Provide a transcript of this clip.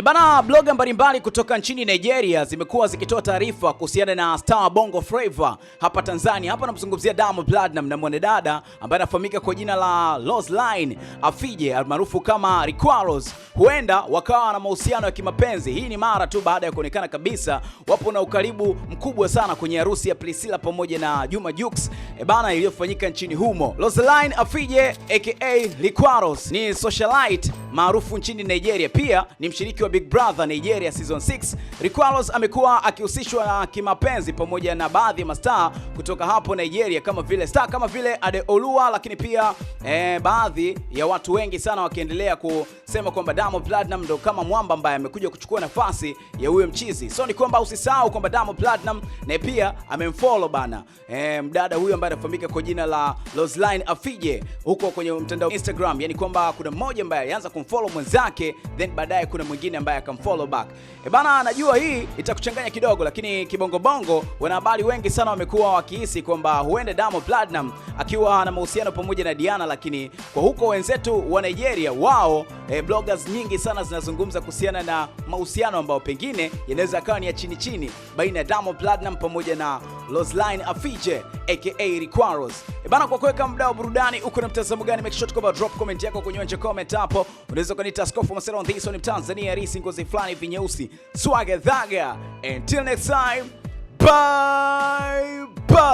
E bana, bloga mbalimbali kutoka nchini Nigeria zimekuwa zikitoa taarifa kuhusiana na star Bongo Flava hapa Tanzania. Hapa namzungumzia Diamond Platnumz na mwanadada ambaye anafahamika kwa jina la Roseline Afije almaarufu kama Riquaros. Huenda wakawa na mahusiano ya kimapenzi. Hii ni mara tu baada ya kuonekana kabisa wapo na ukaribu mkubwa sana kwenye harusi ya Priscilla pamoja na Juma Jux e bana, iliyofanyika nchini humo. Roseline Afije aka Riquaros ni socialite maarufu nchini Nigeria, pia ni mshiriki wa Big Brother Nigeria Season 6, Rikwalos amekuwa akihusishwa na kimapenzi pamoja na baadhi ya mastaa kutoka hapo Nigeria kama vile star kama vile Adeolua, lakini pia eh, baadhi ya watu wengi sana wakiendelea kusema kwamba Diamond Platnumz ndo kama mwamba ambaye amekuja kuchukua nafasi ya huyo mchizi. So ni kwamba usisahau kwamba Diamond Platnumz na pia amemfollow bana eh, mdada huyo ambaye anafahamika kwa jina la Roseline Afije huko kwenye mtandao Instagram, yani kwamba kuna mmoja ambaye alianza kumfollow mwenzake then baadaye kuna mwingine ambaye akamfollow back. E bana, najua hii itakuchanganya kidogo, lakini kibongobongo wanahabari wengi sana wamekuwa wakihisi kwamba huende Diamond Platinum akiwa na mahusiano pamoja na Diana, lakini kwa huko wenzetu wa Nigeria wao e, bloggers nyingi sana zinazungumza kuhusiana na mahusiano ambayo pengine yanaweza akawa ni ya chini chini baina ya Diamond Platinum pamoja na Roseline Afije aka Requaros. E bana, kwa kuweka muda wa burudani, uko na mtazamo gani? Make sure to drop comment yako kwenye nje comment hapo. Unaweza kuniita Askofu Masera on this one Tanzania, risi ngozi flani vinyeusi swaga Swage dhaga. Until next time. Bye bye.